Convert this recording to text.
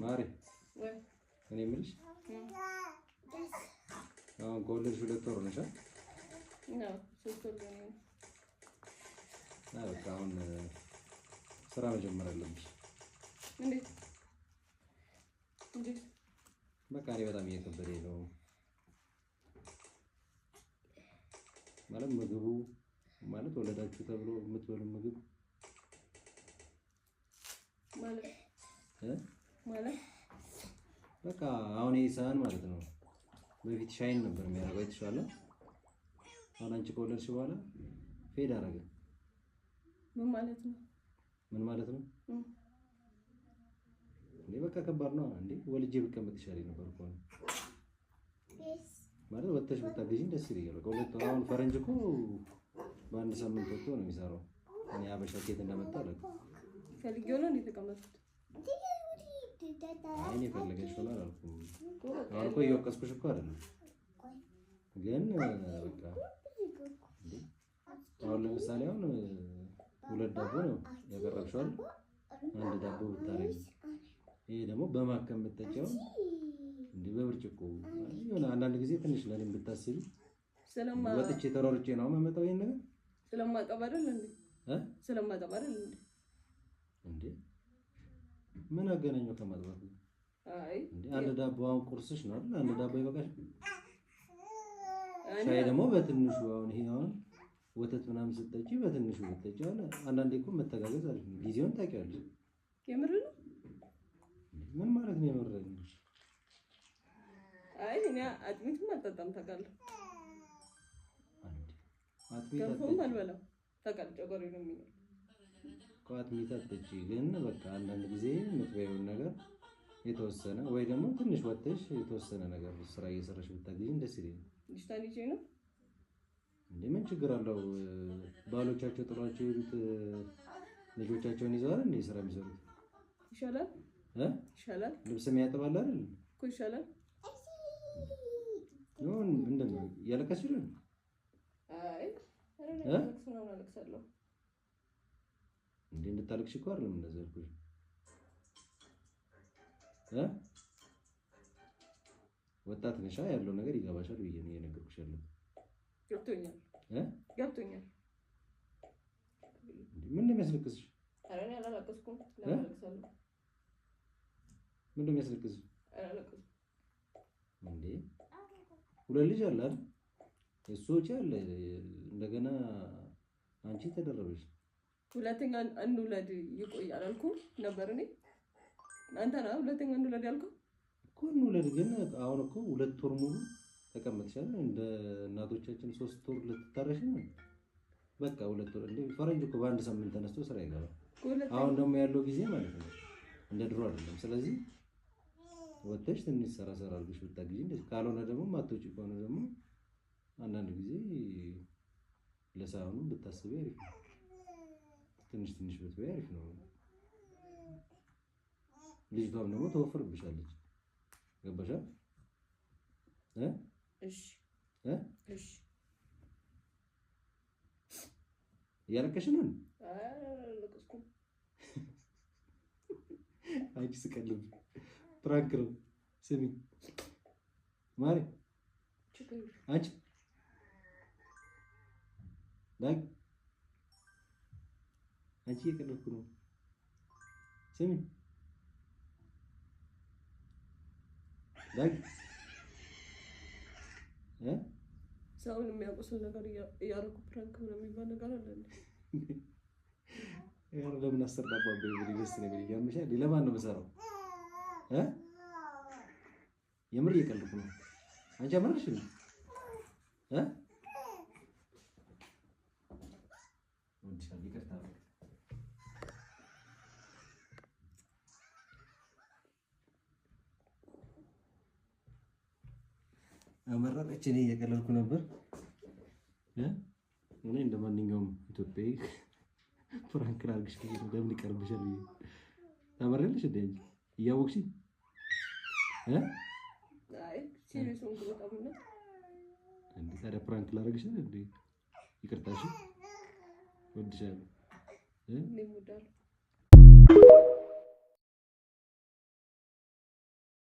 ማሪ እኔ የምልሽ አሁን ከወለድሽ ሁለት ወር ነሽ በቃ አሁን ስራ መጀመር አለብሽ በቃ እኔ በጣም እየከበደኝ ነው ማለት ምግቡ ማለት ወለዳችሁ ተብሎ የምትበሉ ምግብ በቃ አሁን ይህ ሰሃን ማለት ነው በፊት ሻይን ነበር የሚያደርገው የተሻለ አሁን አንቺ ከወለድሽ በኋላ ፌድ አደረገ። ምን ማለት ነው? ምን ማለት ነው? እኔ በቃ ከባድ ነው እንዴ! ወልጄ ብቀመጥ ይሻለኝ ነበር እኮ ማለት ወጥተሽ ብታገዥኝ ደስ ይለኛል። በቃ ሁለት አሁን ፈረንጅ እኮ በአንድ ሳምንት ወጥቶ ነው የሚሰራው። እኔ አበሻ ኬት እንደመጣ አለ ፈልጌው ነው እንዴ የተቀመጥኩት እኔ የፈለገችው ነው አላልኩም። አሁን እኮ እየወቀስኩሽ እኮ አይደለም፣ ግን በቃ አሁን ለምሳሌ አሁን ሁለት ዳቦ ነው ያቀረብሽው፣ አንድ ዳቦ ብታረጊ፣ ይሄ ደግሞ በማከም ብትጨው እንደ በብርጭቆ የሆነ አንዳንድ ጊዜ ትንሽ ለኔም ብታስቢ ወጥቼ ተሯርጬ ነው የማመጣው ይሄን ነገር ስለማቀባረል እንዴ እ ስለማቀባረል እንዴ ምን አገናኘው ከማጥባት? አይ አንድ ዳቦ አሁን ቁርስሽ ነው አይደል? አንድ ዳቦ ይበቃሽ። ሻይ ደግሞ በትንሹ አሁን ይሄ አሁን ወተት ምናምን ስትጠጪ በትንሹ ብትጠጪ፣ አለ። አንዳንዴ እኮ መተጋገዝ አለ። ጊዜውን ታውቂዋለሽ። የምር ነው። ምን ማለት ነው የምር ነው? አይ እኔ አጥሚትም አልጠጣም ታውቃለህ። አጥሚት አልበላም ታውቃለህ። ጨጓራዬ ነው የሚለው ቋት ሚጠጥጪ ግን በቃ አንዳንድ ጊዜ የምትበይውን ነገር የተወሰነ ወይ ደግሞ ትንሽ ወጥተሽ የተወሰነ ነገር ስራ እየሰራሽ ብታገኝ ደስ ይለኛል። ነው ምን ችግር አለው? ባሎቻቸው ጥሏቸው የሄዱት ልጆቻቸውን ይዘዋል እንዴ ስራ የሚሰሩት ይሻላል እ ይሻላል ልብስ የሚያጥባል አይደል እኮ ይሻላል። ምንድን ነው እያለቀስሽ ነው? እንዴ እንድታለቅሽ እኮ አይደለም እንደዚህ ያልኩሽ እ ወጣት ነሻ ያለው ነገር ይገባሻል ብዬ ነው የነገርኩሽ። ያለው ገብቶኛል እ ምን እንዴ ሁለት ልጅ አለ አይደል? እሱ ወጪ አለ እንደገና አንቺ ተደረበች ሁለተኛ እንውለድ ይቆያል አልኩ ነበር እኔ አንተ ና ሁለተኛ እንውለድ ያልኩ እኮ እንውለድ ግን አሁን እኮ ሁለት ወር ሙሉ ተቀምጥሻል እንደ እናቶቻችን ሶስት ወር ልትታረሽ ነው በቃ ሁለት ወር እንደ ፈረንጅ እኮ በአንድ ሳምንት ተነስቶ ስራ ይገባል አሁን ደግሞ ያለው ጊዜ ማለት ነው እንደ ድሮ አይደለም ስለዚህ ወጥተሽ ትንሽ ሰራ ሰራ አድርገሽ ብታግዢ ካልሆነ ደግሞ ማትወጪ ከሆነ ደግሞ አንዳንድ ጊዜ ለሳህኑ ብታስቢ አሪፍ ነው ትንሽ ትንሽ ብትበይ አሪፍ ነው። ልጅቷም ደግሞ ተወፍርብሻለች። ገባሻል? እያለቀሽ ነው? አንቺ ስቀልብ ፕራንክ ነው። ስሚ ማሪ አንቺ አንቺ እየቀለድኩ ነው። ስሚ ዳጊ ሰውን የሚያውቁስል ነገር እያደረኩ ፕራንክ ነው የሚባል ነገር አለ። ያው ለምን አስር ዳቦ ለማን ነው የምሰራው? የምር እየቀለድኩ ነው። አንቺ አመረርሽ ነው እ አመረጠች። እኔ እየቀለልኩ ነበር። እኔ እንደ ማንኛውም ኢትዮጵያዊ ፕራንክ ላድርግሽ ብዬሽ ነው። ለምን ይቀርብሻል ብዬ ታመሪያለሽ እንደ አንቺ እያወቅሽ እንደ ታዲያ ፕራንክ ላድርግሽ እንደ ይቅርታሽ ወድሻለሁ።